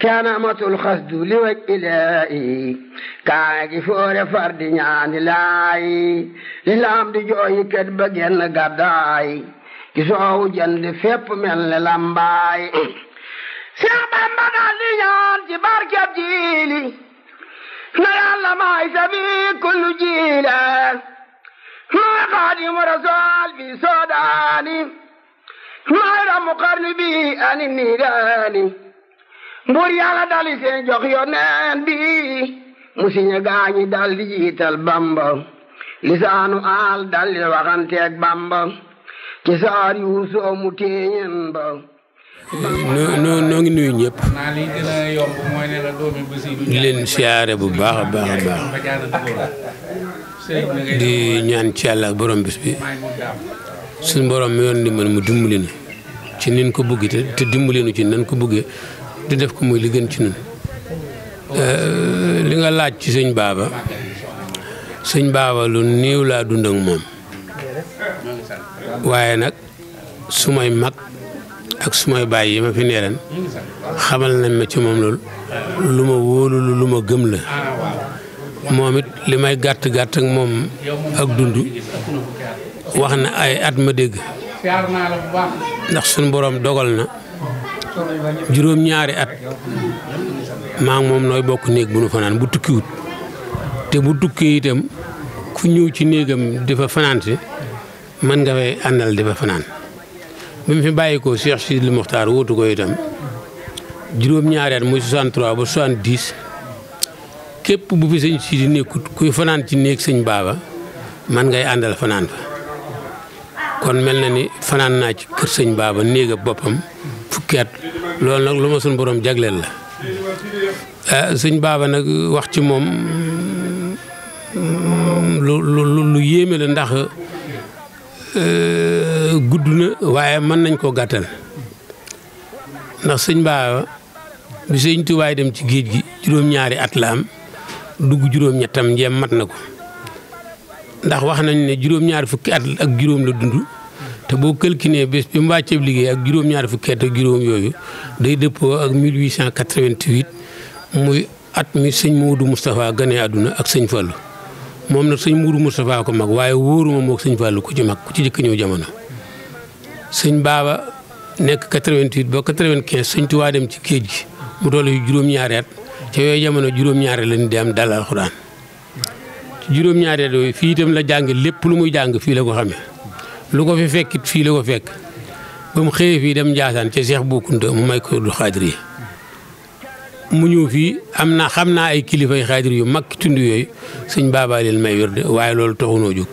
kaana matul xasdu li waj ilaayi kaana gi foore far di ñaani laayi lilaam di jooyi ket ba genn gàddaayi gi soowu jënd fépp mel ne lambaayi Seex Bamba daal ñaan ci barkeb jiili na yàlla maay sabi kullu jiila mooy xaadimu rasool bi soodaani mooy ramu xarni bi ani niiraani mbur yàlla dali seen jox yoneen bi mu siñe gaañi dal di jiital bamba lisaanu aal dal di waxanteeg bamba ci saar yu soo mu ba noo ngi nuyu ñëpp di siyaare bu baax a baax a baax di ñaan ci yàlla borom bis bi suñ borom mi yoon di man mu dimbali ci nin ko bëgg te dimbali ci nan ko bëggee di def ko muy li gën ci nun euh, li nga laaj ci sëñ baaba sëñ baaba lu niiw laa dund moom waaye nag su may mag ak su may bàyyi yi ma fi nee xamal nañ ma ci moom loolu lu ma wóolu lu ma gëm la moom it li may gàtt gàtt moom ak dund wax na ay at ma dégg ndax suñu borom dogal na juróom-ñaari at maa moom nooy bokk néeg bu nu fanaan bu tukkiwut te bu tukkee itam ku ñëw ci néegam dafa fanaan si mën nga fay àndal dafa fanaan bi mu fi bàyyi ko Cheikh Sidil ko itam juróom-ñaari at muy 63 ba képp bu fi sëñ Sidi nekkut fanaan ci néeg sëñ baaba man ngay àndal fanaan fa kon mel na ni fanaan naa ci kër sëñ baaba néega boppam fukki at loolu nag lu ma suñ borom jagleel la ah suñ baaba nag wax ci moom mm, lu lu lu yéeme la ndax eh, gudd na waaye mën nañ koo gàttal ndax suñ baaba bi sëñ tubaay dem ci géej gi juróom-ñaari at la am dugg juróom-ñettam njeem mat na ko ndax wax nañ ne juróom-ñaari fukki at ak juróom la dund. te boo calculé bi mu wàcceeb liggéey ak juróom-ñaari fukki at ak juróom yooyu day dëppoo ak 1888 muy at mi sëñ Moudou Moustapha gane àdduna ak sëñ Fallou moom na sëñ Moudou Moustapha ko mag waaye wóoruma moog sëñ Fallou ku ci mag ku ci jëkk ñëw jamono. sëñ Baba nekk 88 ba 95 sëñ dem ci géej gi mu toll yu juróom-ñaari at ca yooyu jamono juróom-ñaari lañ di am dal alxuraan juróom-ñaari at yooyu fii itam la jàng lépp lu muy jàng fii la ko xamee. lu ko fi fii la ko fekk ba mu xëyee fii dem Njaasaan ca seex Bou Kounta mu may ko du xaadir mu ñëw fii am naa xam naa ay kilifay xaadir yu mag tund yooyu sëñ baabaa leen may wér de waaye loolu taxunoo jóg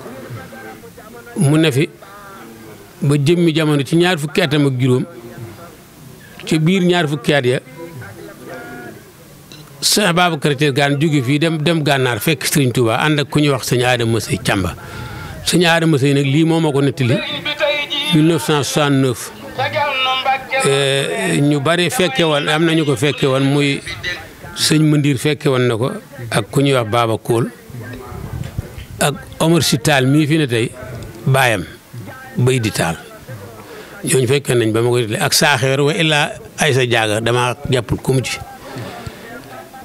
mu ne fi ba jëmmi jamono ci ñaar fukki atam ak juróom ci biir ñaar fukki at ya Cheikh Babacar Thiel gaan jóge fii dem dem gànnaar fekk sëriñ Touba ànd ak ku ñuy wax sëñ Adama Sey Càmba sëñ Adama Seye nag lii moo ma ko nettali 1969 eh, ñu bari fekke woon am nañu ko fekke woon muy sëñ Mandir fekke woon na ko ak ku ñuy wax Baba Kool ak Omar Sy Tall mii fi tey baayam bay di taal ñooñu fekke nañ ba ma ko nettali ak saaxeer wa illaa ay jaaga damaa jàppul ku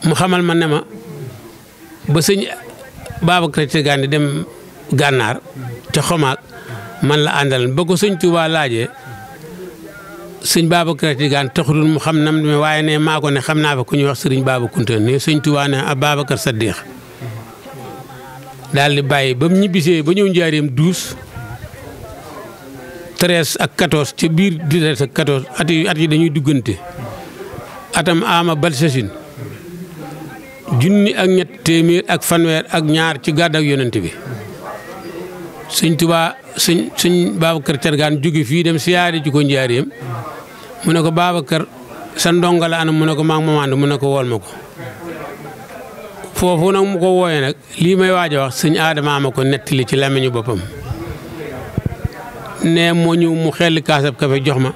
mu xamal ma ne ma ba sëñ Babacar Tidiane dem. gànnaar ca xomaag man la àndal ba ko sëñ Tuubaa laajee sëñ Baaba Karate gaan taxutul mu xam nam ne waaye ne maa ne xam naa fa ku ñuy wax sëriñ Baaba Kunta ne sëñ Tuubaa ne ab Babacar Saddiix daal di bàyyi ba mu ñibbisee ba ñëw njaareem douze treize ak quatorze ca biir treize ak quatorze at dañuy duggante atam ama bal sasin junni ak ñett téeméer ak fanweer ak ñaar ci gàddaak yonent bi sëñ Tuubaa sëñ sëñ Babacar Cargaan jóge fii dem siyaare ji ko njaareem mu ne ko Babacar sa ndongo la anam mu ne ko maa ngi ma ànd mun ne ko wool ma ko foofu nag mu ko wooyee nag lii may waaj a wax sëñ Adama ama ko nettili ci làmmiñu boppam nee moo ñëw mu xelli kaasab kafe jox ma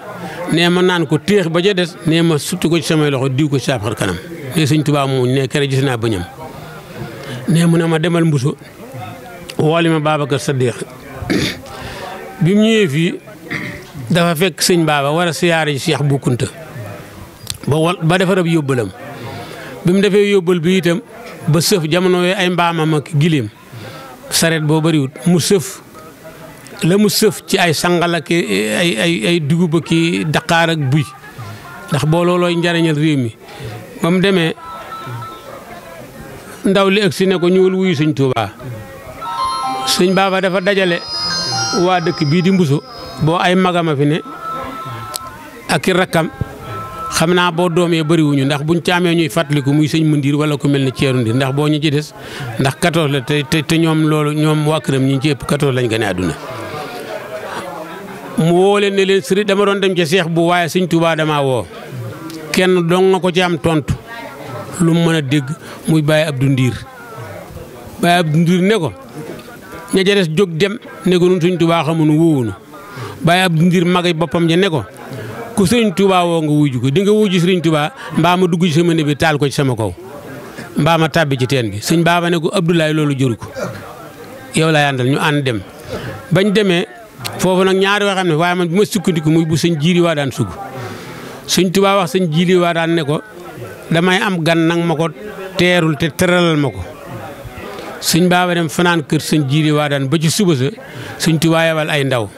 nee ma naan ko téex ba ca des nee ma sutti ko ci samay loxo diw ko ci saab xar kanam nee sëñ Tuubaa moom nee kere gis naa bëñam nee mu ne ma demal mbuso wooli ma Babacar Saddiq bi mu ñëwee fii dafa fekk sëñ baaba war a siyaare ji Cheikh Bou Kounta ba wal ba defar ab yóbbalam bi mu defee yóbbal bi itam ba sëf jamono ay mbaamam ak gileem saret boo bariwut mu sëf la mu sëf ci ay sangal ak ay ay ay dugub ak i daqaar ndax boo loolooy njariñal réew mi ba mu demee ndaw li si ne ko ñëwal wuyu sëñ Tuubaa sëñ baaba dafa dajale waa dëkk bii di mbusu boo ay magama fi ne ak i rakkam xam naa boo doomee bariwuñu ndax buñ ci amee ñuy fàttaliku muy sëñ Mandiir wala ku mel ne Ceeru Ndiir ndax boo ñu ci des ndax 14 la te te ñoom loolu ñoom waa këram ñu ci ëpp 14 lañ gane àdduna mu woo leen ne dama doon dem ci seex bu waaye sëñ Tuubaa woo kenn dong nga ko ci am tontu lu mu mën a dégg muy Baye Abdou Ndiir Baye Abdou Ndiir ne ko ña ca jóg dem nekku ko nun sëñ Tuubaa xamu nu wóowunu bàyyi ab ndir magay boppam ja ne ko ku sëriñ Tuubaa woo nga wuju ko di nga wuju sëriñ Tuubaa mbaa ma dugg ci sama néeg bi taal ko ci sama kaw mbaa ma tàbbi ci teen bi suñ baaba ne ko Abdoulaye loolu jëru ko yow laa yàndal ñu ànd dem bañ demee foofu nag ñaari yoo xam ne waaye man bu ma sukkandiku muy bu suñ jiiri waa daan sugg sëñ Tuubaa wax sëñ jiiri waa daan ne ko damay am gan nag ma ko teerul te tëralal ma ko suñ baaba dem fanaan kër suñ jiiri waa daan ba ci suba sa suñ tubaa yabal ay ndaw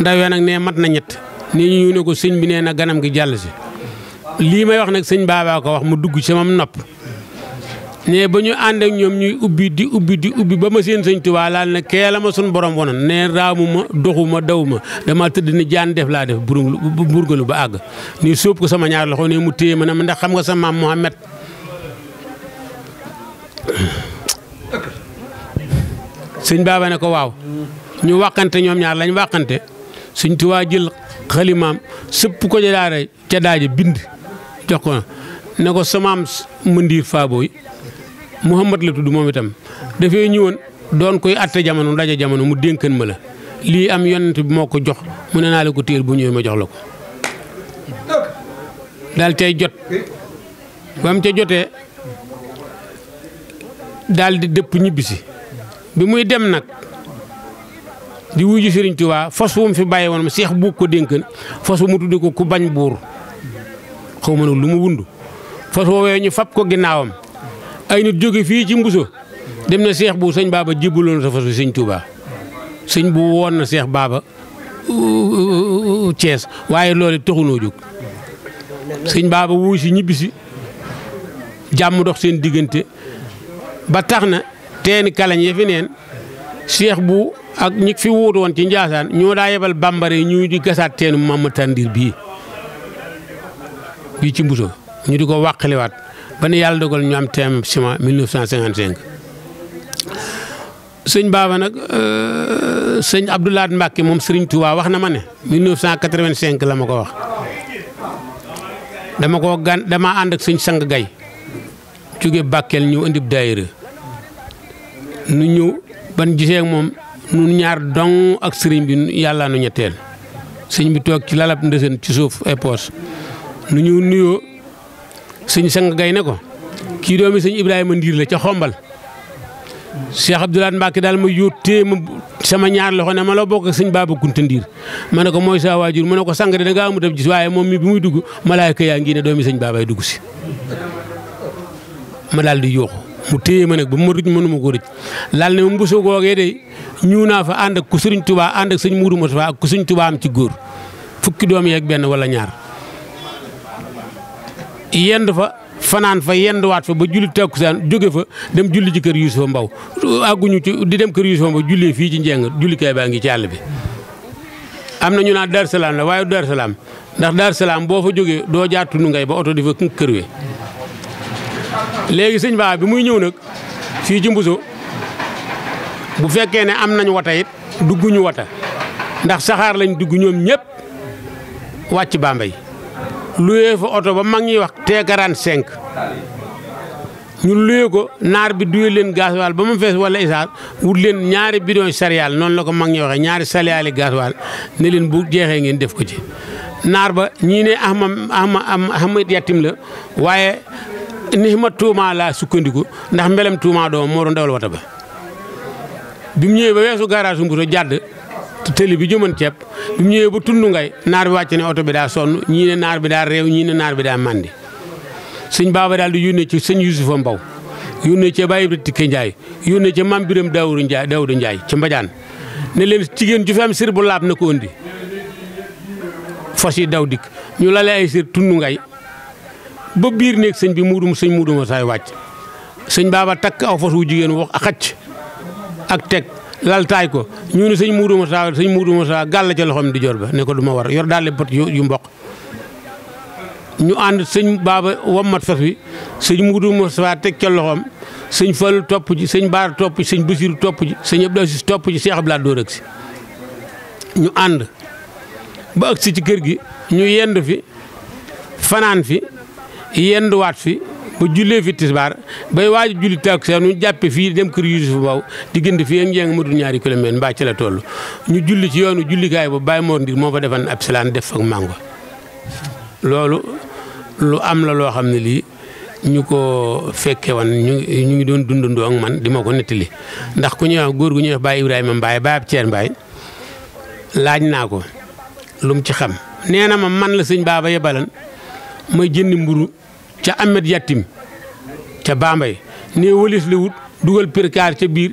ndaw nag nee mat na ñett nii ñu ne ko sëñ bi nee na ganam gi jàll si lii may wax nag sëñ baabaa ko wax mu dugg ci moom nopp ne ba ñu ànd ñoom ñuy ubbi di ubbi di ubbi ba ma seen sëñ tubaa laal na kee ma suñ borom wonoon nee raamu ma doxu daw ma dama tëdd ni jaan def laa def burgalu ba àgg ni sóob ko sama ñaar loxo ne mu téye ma ne ma ndax xam nga sa maam Mohamed sëñ baaba ne ko waaw ñu wàqante ñoom ñaar lañ wàqante sëñ Tuubaa jël xalimaam sëpp ko ca daara ca daaja bind jox ko ne ko samaam mëndiir faabooy Muhammad la tudd moom itam dafay ñëwoon doon koy atte jamono ndaje jamono mu dénkan ma la lii am yont bi moo ko jox mu ne naa la ko téel bu ñëwee ma jox la ko daal tey jot ba mu ca jotee daal di dëpp ñibbisi bi muy dem nag di wuyu Sëriñ Tuubaa fas wu mu fi bàyyi woon seex buug ko dénkan fas wu mu tudde ko ku bañ buur xaw ma nag lu mu wund fos woowee ñu fab ko ginnaawam ay nit jóge fii ci mbuso dem na seex bu sëñ baaba jibbaloon sa fas wi sëñ Tuubaa sëñ bu woon na seex baaba Cees waaye loolu taxunoo jóg sëñ baaba wuy si ñibbisi jàmm dox seen diggante ba tax na teeni kalañ ya fi neen seex bu ak ñi fi wuutu woon ci Njaasaan ñoo daa yebal bambara yi ñu di gasaat teenu Mama Tandir bii bii ci Mbuso ñu di ko wàqaliwaat ba ne yàlla dogal ñu am teem ciment 1955. sëñ Baba nag euh, sëñ Abdoulaat Mbacke moom Serigne wax na ma ne 1985 la ma ko wax dama ko gan dama ànd ak sëñ Sang Gay jóge Bakel ñu indi daayira nu ñëw ban gisee moom nun ñaar dong ak sëriñ bi yàlla nu ñetteel sëñ bi toog ci lalab ndësën ci suuf ay poos nu ñu nuyoo sëñ sang gay ne ko kii doomi sëñ Ibrahima Ndiir la ca xombal Cheikh Abdoulaye Mbacke daal ma yóotee ma sama ñaar loxo ne ma la bokk ak sëñ Baba Kunta ma ne ko mooy sa waajur ma ne ko sang de da ngaa amut ab gis waaye moom mi bi muy dugg malaayka yaa ngi ne doomi sëñ Baba ay dugg si ma daal di yuuxu mu téye ma nag ba mu ma rëcc mënuma ko rëcc laal ne ma mbuso googee de ñëw naa fa ànd ak ku sëriñ tubaa ànd ak sëñ muuru Mustafaa ak ku sëriñ tubaa am ci góor fukki doom yeeg benn wala ñaar yend fa fanaan fa yenduwaat fa ba julli takkusaan jóge fa dem julli ci kër Yuusufa Mbaw àgguñu ci di dem kër Yuusufa Mbaw jullee fii ci njeng julli kay baa ngi ci àll bi am na ñu naan la waaye Daaru Salaam ndax Daaru boo fa jógee doo jaat tund ngay ba oto di fa léegi sëñ baa bi muy ñëw nag fii ci Mbuso bu fekkee ne am nañu wata it dugguñu wata ndax saxaar lañ dugg ñoom ñëpp wàcc Bambey luyee fa oto ba mag ñuy wax T45 ñu luye ko naar bi duye leen gasoil ba mu fees wala isaas wut leen ñaari bidon céréales noonu la ko mag ñuy waxee ñaari céréales gasoil ne leen bu jeexee ngeen def ko ci naar ba ñii ne ahma ahma am ahmad yatim la waaye nixma tuuma laa sukkandiku ndax mbelam tuuma doomam moo doon dawal wata ba bi mu ñëwee ba weesu garage Mbuso jàdd tëli bi jëman ceeb bi mu ñëwee ba tund naar bi wàcc ne oto bi daa sonn ñii naar bi daa réew ñii naar bi daa màndi sëñ baaba daal di yónnee ci sëñ Yusufa Mbaw yónnee ca Baye Ibra Tikke Njaay yónnee ca Mam Biram Daawudu Njaay Daawudu Njaay ci Mbajaan ne leen jigéen ju sir bu laab na ko daw dikk ñu lale ay sir tund ba biir néeg sëñ bi muudum sëñ muuduma saay wàcc sëñ baaba takk aw fas wu jigéen wax a xacc ak laltaay ko ñu sëñ muuduma saa sëñ muuduma gàll ca loxoom di jor ba ne ko du ma war yor daal pot yu mboq ñu ànd sëñ baaba wammat fas wi sëñ muuduma mu teg ca loxoom sëñ Fallu topp ji sëñ Baara topp ji sëñ Basiiru topp ji sëñ Abdou Aziz topp ji Seex Abdulaay dóor ak si ñu ànd ba agsi ci kër gi ñu yend fi fanaan fi yenduwaat fi bu jullee fi tisbaar bay waaj julli takkusaan ñu jàppe fii dem kër Yuusuf Mbaw diggante fii ak njeng matul ñaari kilomètre mbaa ci la toll ñu julli ci yoonu jullikaay ba Baye Mor Ndir moo fa defan ab silaan def ak màngo loolu lu am la loo xam ne lii ñu ko fekke woon ñu ñu ngi doon dundandoo ak man di ma ko nettali ndax ku ñuy wax gu ñuy wax Baye mbaay Mbaye Baye ab Ceer Mbaye laaj naa ko lu mu ci xam nee ma man la sëñ Baba yebalan may ca Ahmed Yatim ca Bambey nee wëlis la wut dugal perkaar ca biir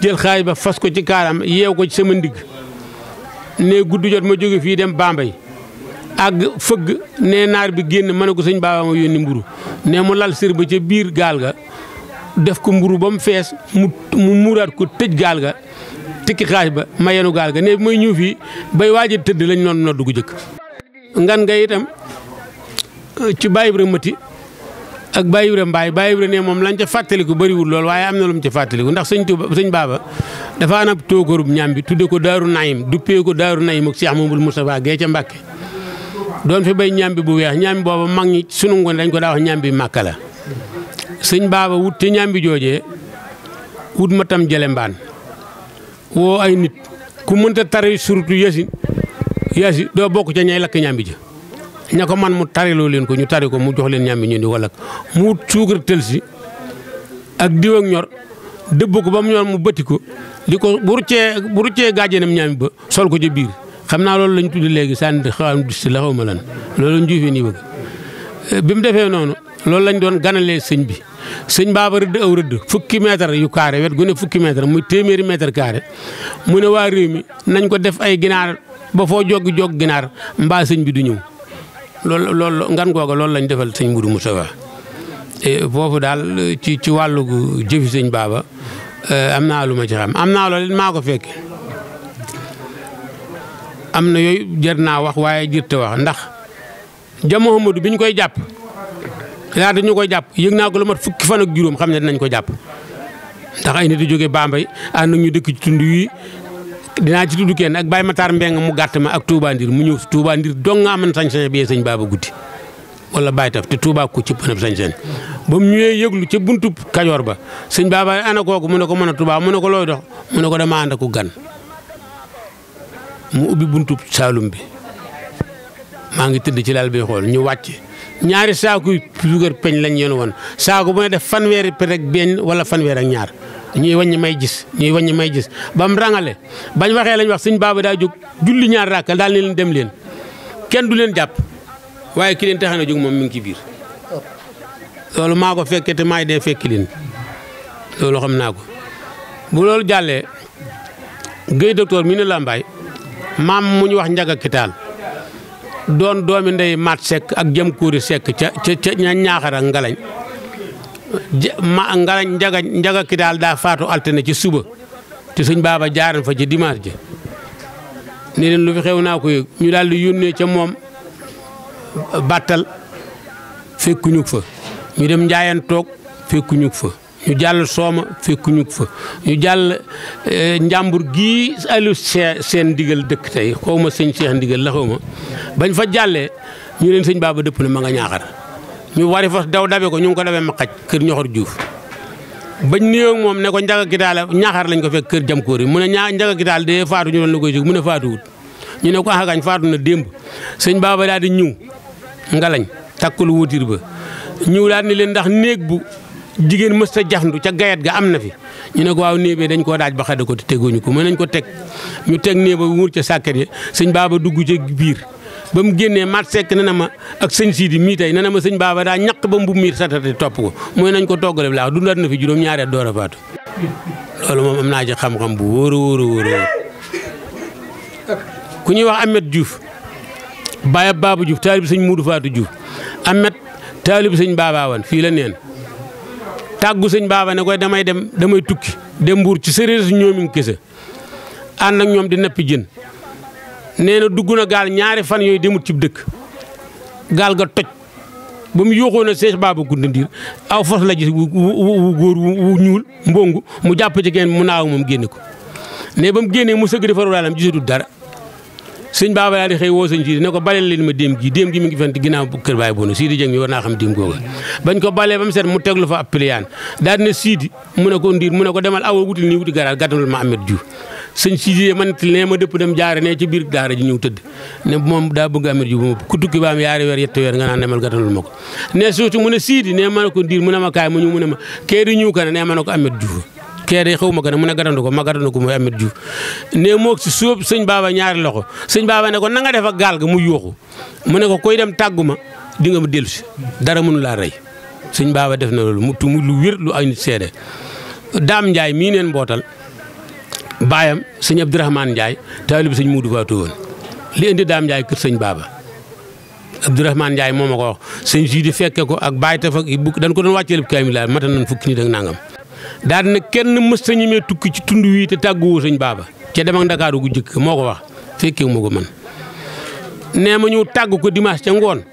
jël xaay ba fas ko ci kaaram yeew ko ci sama ndigg nee gudd jot ma jóge fii dem Bambey àgg fëgg ne naar bi génn mën na ko sëñ baaba ma yónni mburu ne mu lal sër ba ca biir gaal ga def ko mburu ba mu fees mu mu muuraat ko tëj gaal ga tikki xaaj ba ma yenu gaal ga ne bi may ñëw fii bay waa a tëdd lañ noonu noddu gu jëkk ngan nga ci bàyyi bi mati ak Baye Ibrahima Mbaye moom lañ ca fàttaliku bëriwul lool waaye am na lu mu ca fàttaliku ndax sëñ Tuuba Baaba dafa anab toogarub ñaam bi tudde ko Daaru Naim duppee ko Daaru Naim ak Cheikh Mamadou Moustapha Guèye ca Mbàkke doon fi bay ñaam bi bu weex ñaam bi booba mag ñi sunu ngoon dañ ko daa wax ñaam bi màkka Baaba wut te ñaam bi wut matam tam jële mbaan woo ay nit ku tari surtout yasi yasi doo bokk ca ñay lakk ñaam ja ña ko man mu tariloo leen ko ñu tari ko mu jox leen ñam bi ñu di wala mu wut suukar tël si ak diw ñor dëbb ko ba mu ñor mu bëtti ko di ko bu ruccee bu ruccee gaajanam ñaami ba sol ko ca biir xam naa loolu lañu tuddi léegi sànni di xaw si la xaw ma lan loolu njuufee nii bëgg bi mu defee noonu loolu lañ doon ganalee sëñ bi sëñ baaba rëdd aw rëdd fukki mètre yu carré wet gu ne fukki mètre muy téeméeri mètre carré mu ne waa réew mi nañ ko def ay ginaar ba foo joggi jog ginaar mbaa sëñ bi du ñëw loolu loolu ngan googa loolu lañ defal sëñ Moudou Moustapha e, foofu daal ci ci wàllu jëfi sëñ baaba e, am naa lu ma ci xam am naa loolu maa ko fekk am na yooyu jër naa wax waaye jër te wax ndax ja Mouhamadou bi koy jàpp laata ñu koy jàpp yëg naa ko lu mat fukki fan ak juróom xam ne nañ ko jàpp ndax ay nit a jógee Bambey ànd ak ñu dëkk ci tund dinaa ci tudd kenn ak Baye Matar Mbeng mu gàtt ma ak Touba mu ñëw si Touba Ndir dong nga amoon sañ-sañ bi sëñ Baba guddi wala Baye Taf te Touba ko ci pënëb sañ-sañ ba mu ñëwee yëglu ca buntu kayoor ba sëñ Baba ana kooku mu ne ko mën a Touba mu ne ko looy do mu ne ko dama ànd ko gan mu ubbi buntu Saalum bi maa ngi tëdd ci lal bi xool ñu wàcc ñaari saaku suukar peñ lañ yoon woon saaku bu ne def fan peñ ak benn wala fan ak ñaar. ñuy wàññi may gis ñuy wàññi may gis ba mu rangale bañ waxee lañ wax sëñ baaba daa jóg julli ñaar ràkka daal ni leen dem leen kenn du leen jàpp waaye ki leen tax na jóg moom mi ngi ci loolu maa ko fekkee te maay dee fekki leen loolu xam naa ko bu loolu jàllee géy docteur mi ne Lambaay maam mu ñu wax njaga kitaal doon doomi ndey maat sekk ak jëm kuuri sekk ca ca ca ñaaxar ngalañ ma ngarañ njaga njaga ki daal daa faatu altine ci suba te suñ baaba jaaran fa ci dimanche ji ne leen lu xew naa ko yëg ñu daal di yónnee ca moom bàttal fekkuñu fa ñu dem njaayan toog fekkuñu fa ñu jàll sooma fekkuñu fa ñu jàll eh, njàmbur gii Aliou seen ndigal dëkk tey xaw ma sëñ Cheikh ndigal la bañ fa jàllee ñu leen sëñ baaba dëpp na ma nga ñaaxar ñu wari fas daw dabe ko ñu ngi ko dabe maqaj kër ñoxor juuf bañ nuyoo moom ne ko njaga gitaala ñaaxaar lañ ko fekk kër jam kóor yi mu ne ñaa njaga gitaal de faatu ñu doon la koy jóg mu ne faatuwut ñu ne ko axagañ ah faatu na démb sëñ baaba daal di ngalañ nga lañ takkalu ba ñëw daal ni leen ndax néeg bu jigéen mësta ta jaxndu ca gayet gi am na fi ñu ne ko waaw néeg bi dañ koo daaj ba xada ko te teguñu ko mën nañ ko teg ñu teg néeg ba wur ca sàkket ya sëñ baaba dugg ca biir ba mu génnee mat sekk na na ma ak sëñ Sidi mii tey ne na ma sëñ Baba daa ñaq ba mbubb miir satati topp ko mooy nañ ko toggale bi laa dundaat na fi juróom ñaari at door faatu loolu moom am xam-xam bu wóor a wóor a ku ñuy wax Amet Diouf Baye Babou juuf taalib sëñ Muudu Faatu Diouf Amet taalib sëñ Baba wan fii la neen tàggu sëñ Baba ne koy damay dem damay tukki dem mbuur ci séréer su ñoomin kese ànd ak ñoom di nappi jën nee na dugg na gaal ñaari fan yooyu demut cib dëkk gaal ga toj ba mu yóoxoo na sees baaba gunda ndiir aw fos la gis wu góor wu ñuul mbongu mu jàpp ci kenn mu naaw moom génn ko ne ba mu génnee mu sëgg di faru daalam gisatul dara sëñ baaba daal di xëy woo sëñ ne ko baleel leen ma déem gi déem gi mu ngi fent ginnaaw kër baay boonu Sidi Jeng mi war naa xam déem googa bañ ko balee ba mu set mu teglu fa ab piliyaan daal di ne Sidi mu ne ko ndiir mu ne ko demal awoo wutil nii wuti garaal gàttanul ma Amet Diouf sëñ Siidi man nee ma dëpp dem jaare ne ci biir daara ji ñëw tëdd ne moom daa bëgg amir ji bu ma ku tukki ba am yaari weer yetti weer nga naan demal gàttalul ma ko ne suuti mu ne Siidi ne ma ko ndiir mu ne ma kaay mu ñu mu ne ma kee di ñëw ne ma ne ko amir Juuf kee xaw ma ko ne mu ne gàttandu ko ma gàttandu ko mooy amir Juuf ne na nga def gaal ga mu yuuxu mu ne ko koy dem tàggu ma di nga ma dellu si dara mënu laa rey sëñ baaba def na loolu mu lu wér lu ay nit seede daam njaay mii neen mbootal baayam sëñ Abdourahmane Ndiaye taalib sëñ Muudu Faatu woon li indi daam Ndiaye kër sëñ Baaba Abdourahmane Ndiaye moo ma ko wax sëñ di fekke ko ak bàyyi taf ak bukk dañ ko doon wàcceelib kaamil la mata nañ fukki nit ak nangam daal na kenn mës sa ñemee tukki ci tund wii te tàgguwoo sëñ Baaba ca dem ak Ndakaaru gu jëkk moo ko wax fekke wu ma ko man nee ma ñu tàgg ko dimanche ca ngoon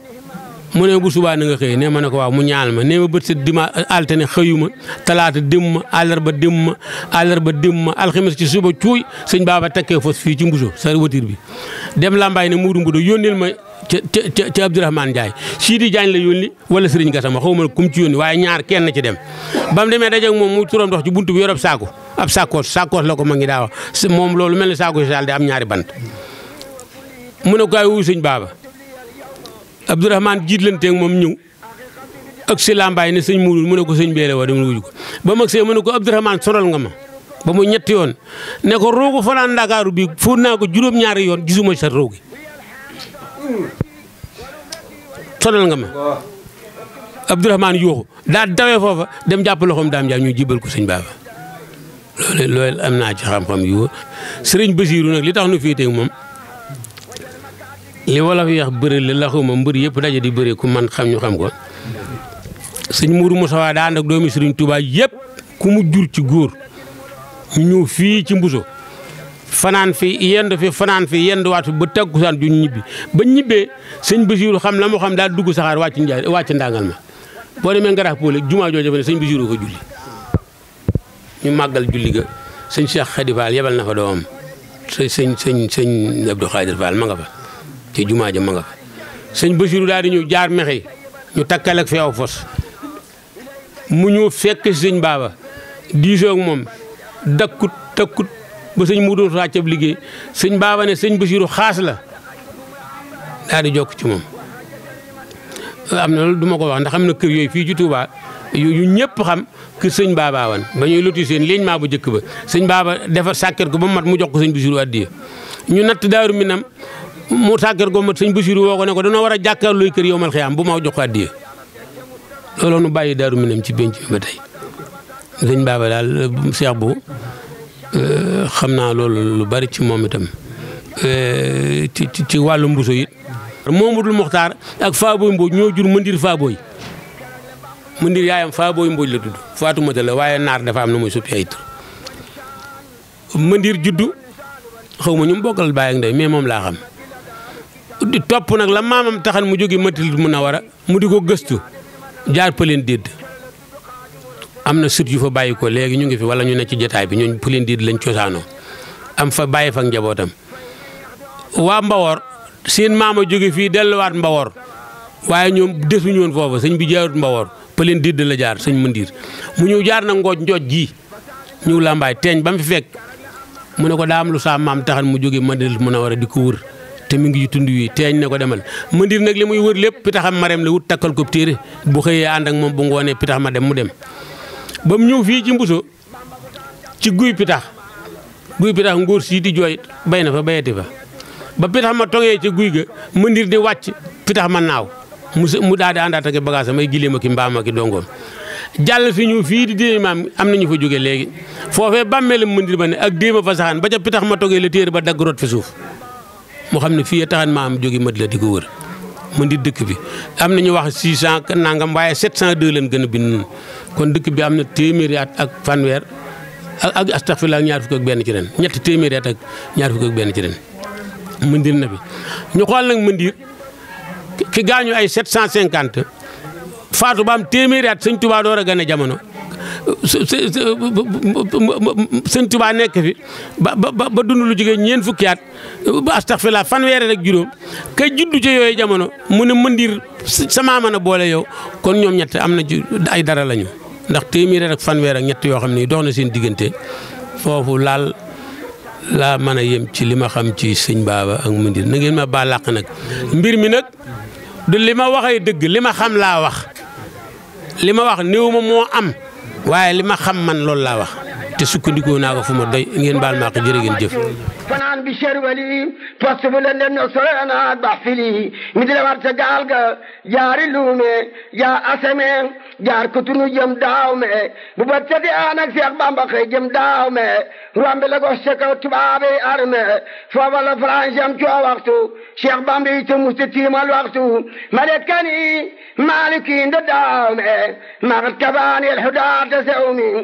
mu ne bu subaa na nga xëy ne ma ne ko waaw mu ñaal ma ne ma bët set dima altine xëyuma talaata ma àllarba ba àllarba ma alxames ci suba cuuy sëñ baaba ke fos fii ci mbuso sa voiture bi dem lambaay ne muudu mbudo yónneel ma ca ca ca Abdourahmane Ndiaye Sidi Diagne la yónni wala Serigne Gassama xaw ma kum ci yónni waaye ñaar kenn ci dem ba mu demee dajeeg moom mu turam ndox ci buntu bi a saako ab saakoos saakoos la ko ma ngi daawa moom loolu mel ne saako si daal am ñaari bant baaba Abdourahmane jiitlanteeg moom ñëw ak si lambaay ne sëñ muurul mu ne ko sëñ bee la waa dama wuju ko ba mag see mu ne ko Abdourahmane sonal nga ma ba mu ñetti yoon ne ko roogu fanaan ndakaaru bi fóot naa ko juróom-ñaari yoon gisuma sa roogi sonal nga ma Abdourahmane yuuxu daa dawee foofa dem jàpp loxoom daam jaa ñu jibal ko sëñ Baba loolu loolu am naa ci xam-xam yu wóor sëriñ Basiiru nag li tax nu féetee moom li wolof yi wax bëri li la xuma mbër yëpp daje di bëri ku man xam ñu xam ko sëñ Mourou Moussa daa ànd ak doomi Sëriñ Tuubaa yëpp ku mu jur ci góor ñu ñëw fii ci Mbuso fanaan fi yendu fi fanaan fi yendu waatu fi ba takkusaan ju ñibbi ba ñibbee sëñ Basiiru xam la mu xam daal dugg saxaar wàcc njaay wàcc ndàngal ma boo demee Ngaraaf Poole jumaa jooju fa ne sëñ Basiiru ko julli ñu màggal julli ga sëñ Cheikh Khady Fall yebal na fa doomam sëñ sëñ sëñ Abdou Khadir Fall ma te jumaa ja ma nga fa sëñ Basiru daal di ñëw jaar mexe ñu takkal ak fi aw fos mu ñu fekk si sëñ baaba diisoo ak moom dakkut takkut ba sëñ mu doon sàccab liggéey sëñ baaba ne sëñ Basiru xaas la daal di jokk ci moom. am na loolu du ma ko wax ndax am na kër yooyu fii ci Touba yu ñëpp xam kër sëñ baaba wan ba ñuy lotti seen liñ maa bu jëkk ba sëñ baaba defar sàkket ko ba mat mu jox ko sëñ Basiru addiya ñu natt daaru minam mu tàggat ko mat sëñ Basiru woo ko ne ko danoo war a jàkkaarlooy kër yow mal xiyaam bu ma jox ko addiya looloo nu bàyyi daaru minam ci benc bi ba tey sëñ baaba daal seex bu euh, xam naa loolu bari ci moom itam euh, ci ci wàllu mbuso yi Moomadul Muxtaar ak Faaboy Mbooj ñoo jur Mëndir Faaboy Mëndir yaayam Faaboy Mbooj la tudd Faatumata la waaye naar dafa am na muy suppi ay tur Mëndir juddu xaw ma ñu bokkal baay ak ndey moom laa xam topp nag la maamam taxan mu jóge Madinatul Munawwara mu di ko gëstu jaar Pëleen Died am na sut fa bàyyi ko léegi ñu ngi fi wala ñu ne ci jotaay bi ñooñ Pëleen Died lañ cosaanoo am fa bàyyi njabootam waa Mbawor seen maama jóge fii delluwaat Mbawor waaye ñoom desuñu woon foofa sëñ bi jaarut Mbawor Pëleen Died la jaar sëñ Mandiir mu ñu jaar na ngooj njooj ji ñëw làmbaay teeñ bam mu fekk mu ne ko daa am lu saa maam taxan mu jóge mu Madinatul Munawwara di ko wër te mu ngi tund wi teeñ ne ko demal mëndir nag li muy wër lépp pitaxam ma rem la wut takkal ko téere bu xëyee ànd ak moom bu ngoonee pitax ma dem mu dem. ba mu ñëw fii ci mbuso ci guy pitax guy pitax ngóor sii di jooy bay na fa bayati fa ba pitax ma tongee ci guy ga mëndiir di wàcc pitax ma naaw mu daal di àndaat ak bagage am ay gileem ak mbaam ak dongoom jàll fi ñu fii di déema maam am na ñu fa jóge léegi foofee bàmmeelam mëndir ba ne ak déema fa saxaan ba ca pitax ma togee la téere ba dagg rot suuf. moo xam ne fii taxan maa am jóge mat la di ko wër mën dëkk bi am na ñu wax 600 nangam waaye 702 leen gën a bind noonu kon dëkk bi am na téeméeri at ak fanweer ak ak astaxfirlaa ñaar fukk ak benn ci ren ñetti téeméeri at ak ñaar fukk ak benn ci ren mëndir na bi ñu xool nag mëndir ki gaañu ay 750 faatu ba am baam at sëñ Tuubaa door a gane jamono sëñ Tuubaa nekk fi ba ba ba dund lu jógee ñeent fukki at ba astaxfirlaa fanweeri juróom ka juddu ca jamono mu ne mëndir sama mën a boole yow kon ñoom ñett am na ci ay dara lañu ndax téeméer ak fanweer ak ñett yoo xam ne dox na seen diggante foofu laal laa mën a yem ci li ma xam ci sëñ baaba ak mëndir na ngeen ma ba làq nag mbir mi nag du li waxee dëgg lima xam laa wax li ma wax néew ma moo am. waaye li ma xam man loolu laa wax te sukkandikoo naa ko fu ma doy ngeen baal maa ko jërë ngeen jëf. بشرولي توصف لنا النصرانا بحفلي مثل ورت قالقا جار اللومي يا أسمي جار كتنو جم داومي ببتدي آنك سيق بامبخي جم داومي روان بلغو الشكو تبابي أرمي فوال فرانشام كو وقتو شيخ بامبي تمستتيم الوقت ملكني مالكين داومي مغت كباني الحدار تسعومي